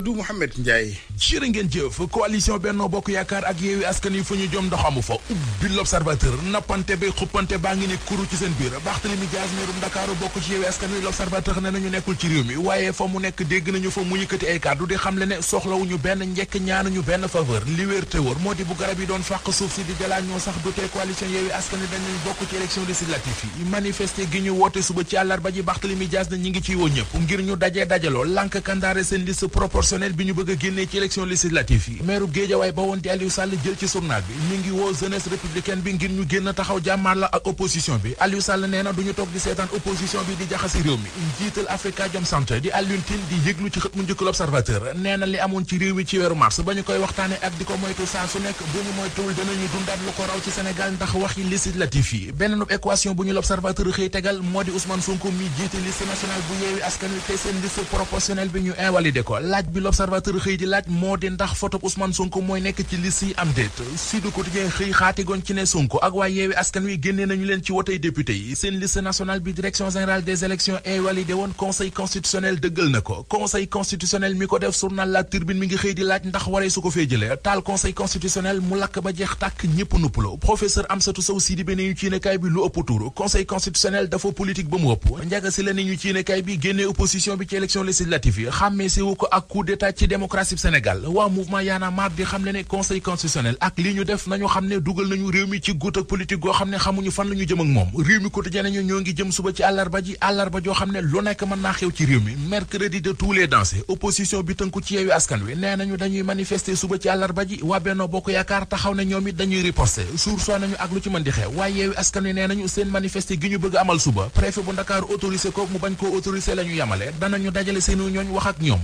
du Mouhamed Ndiaye. jërë ngeen jëf coalition Benno Bokk Yaakaar ak Yewwi Askan Wi fu ñu jom ndox amu fa ubbi l'observateur nappante ne nañu nekkul ci réew mi waaye fa mu nekk dégg nañu fa mu yëkkati ay kàddu di xamle ne soxlawuñu benn njekk ñaanuñu benn faveur li wér moo di bu garab yi doon fàq suuf si di jalaa ñoo sax du tey coalition Yewwi Askan Wi dañuy bokk ci élection législative yi manifesté gi ñu woote suba ci àllarba ji Barthélémy Dias na ñi ngi ciy woo ñëpp ngir ñu dajee dajaloo lànk kandaare seen liste proportionnelle personnel bi ñu bëgg a génnee ci élection législative yi maire Guédiawaye ba woon di Aliou jël ci journal bi mi ngi woo jeunesse républicaine bi ngir ñu génn taxaw jàmmaar la ak opposition bi Aliou Sall nee na du ñu toog di seetaan opposition bi di jaxasi réew mi njiital Africa Jom Center di Alioune di yëglu ci xët mu njëkk l'Observateur nee li amoon ci réew mi ci weeru mars ba ñu koy waxtaane ak di ko moytu saa su nekk bu ñu moytuwul dinañu dundaat lu ko raw ci bi l'observateur xëy di laaj moo di ndax photo yi am woon conseil constitutionnel dëggal na ko conseil constitutionnel mi ko def journal La Tribune mi ngi xëy di laaj ndax waree su ko fee jëlee taal conseil constitutionnel mu lakk ba jeex tàkk ñëpp nuppaloo professeur Amsatou Sow Sidibé ne ñu ci yéenekaay bi lu ëpp tuuru conseil constitutionnel dafa politique ba mu ëpp njaga la ne ñu ci yéenekaay bi génnee opposition bi ci élection législative yi xàmmee d'état ci démocratie Sénégal waa mouvement Y en a di xam ne ne conseil constitutionnel ak li ñu def nañu xam ne dugal nañu réew mi ci guut ak politique goo xam ne xamuñu fan la ñu jëm ak moom réew mi quotidien nañu ñoo ngi jëm suba ci àllarba ji àllarba joo xam ne lu nekk mën naa xew ci réew mi mercredi de tous les dansé opposition bi tënku ci yeewu askan wi nee nañu dañuy manifester suba ci àllarba ji waa Benno Bokk Yaakaar taxaw ne ñoom it dañuy riposter sursoi nañu ak lu ci mën di xew waaye yeewu askan wi nee nañu seen manifester gi ñu bëgg amal suba préfet bu ko mu bañ koo autorisé la ñu yamale danañu dajale seenu ñooñ wax ak ñoom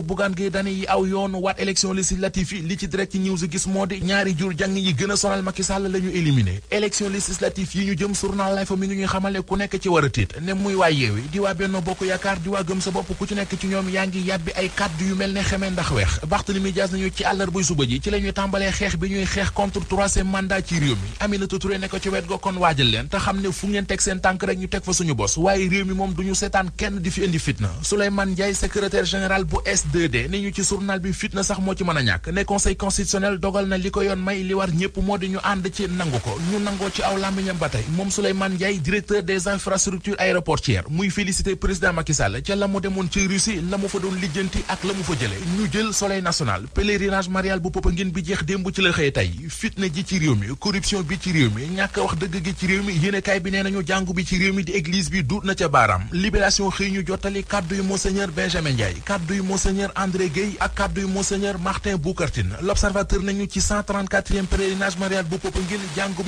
discours Bougane yi aw yoon waat élection législative yi li ci direct news gis moo di ñaari jur jàng yi gën sonal Macky Sall la ñu éliminé élection yi ñu jëm journal Life mi ngi ñuy xamale ku nekk ci war a tiit ne muy waa Yewwi di waa Bokk Yaakaar di Gëm Sa Bopp ku ci nekk ci ñoom yaa ngi yàbbi ay kàddu yu mel ne xeme ndax weex Barthélémy Dias nañu ci àllarba suba ji ci la tàmbalee xeex bi ñuy xeex contre troisième 2 ñu ci journal bi fitna sax moo ci mën a ñàkk ne conseil constitutionnel dogal na li ko yoon may li war ñëpp moo di ñu ànd ci nangu ko ñu nangoo ci aw làmmiñam ba tey moom Souleymane Ndiaye directeur des infrastructures aéroportières muy félicité président Macky Sall ca la mu demoon ci Russie la mu fa doon lijjanti ak la mu fa jële ñu jël soleil national pèlerinage marial bu Popenguine bi jeex démb ci la xëy tey fitna ji ci réew mi corruption bi ci wax dëgg gi ci réew mi yéenekaay bi nee nañu jàngu bi ci réew mi di monseigneur André Guèye ak kàddu e pèlerinage marial bu Popenguine jàngu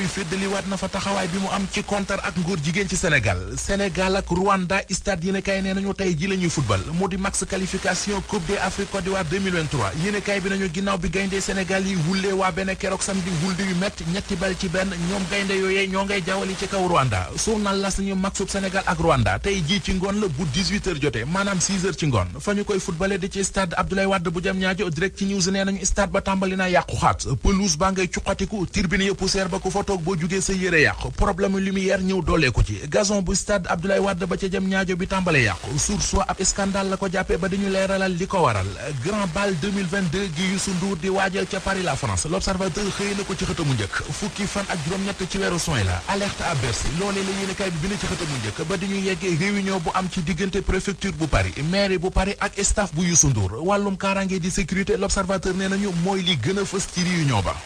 Rwanda stade yéen nee nañu tey ji la ñuy football mu di max qualification Coupe d'Afrique Côte d'Ivoire 2023 yéen kaay bi nañu ginnaaw bi gayndee Sénégal yi wullee waa benn keroog samedi wulli yu métti ñetti bal ci benn ñoom gaynde yooyee ñoo ngay jawali ci kaw Rwanda journal las nañu maxub Sénégal ak Rwanda tey ji ci ngoon la bu 18 heures jotee maanaam 6 heures ci ngoon fa ñu koy footballé di ci ci stade Abdoulaye Wade bu jam ñaajo direct ci news nee nañu stade ba tàmbali yàqu xaat pelouse ba ngay cuqatiku turbine ya poussière ba ku fa toog boo jugee sa yére yàqu problème lumière ñëw dooleeku ci gazon bu stade Abdoulaye Wade ba ca jam ñaajo bi tàmbale yàqu source ab scandale la ko jàppee ba dañu leeralal li ko waral grand bal gi Youssou Ndour di waajal ca Paris la France l'observateur xëy na ko ci xëtamu njëkk fukki fan ak juróom-ñett Youssou Ndour wàllum kaaraange di sécurité l'observateur nee nañu mooy li gën a fës ci réunion ba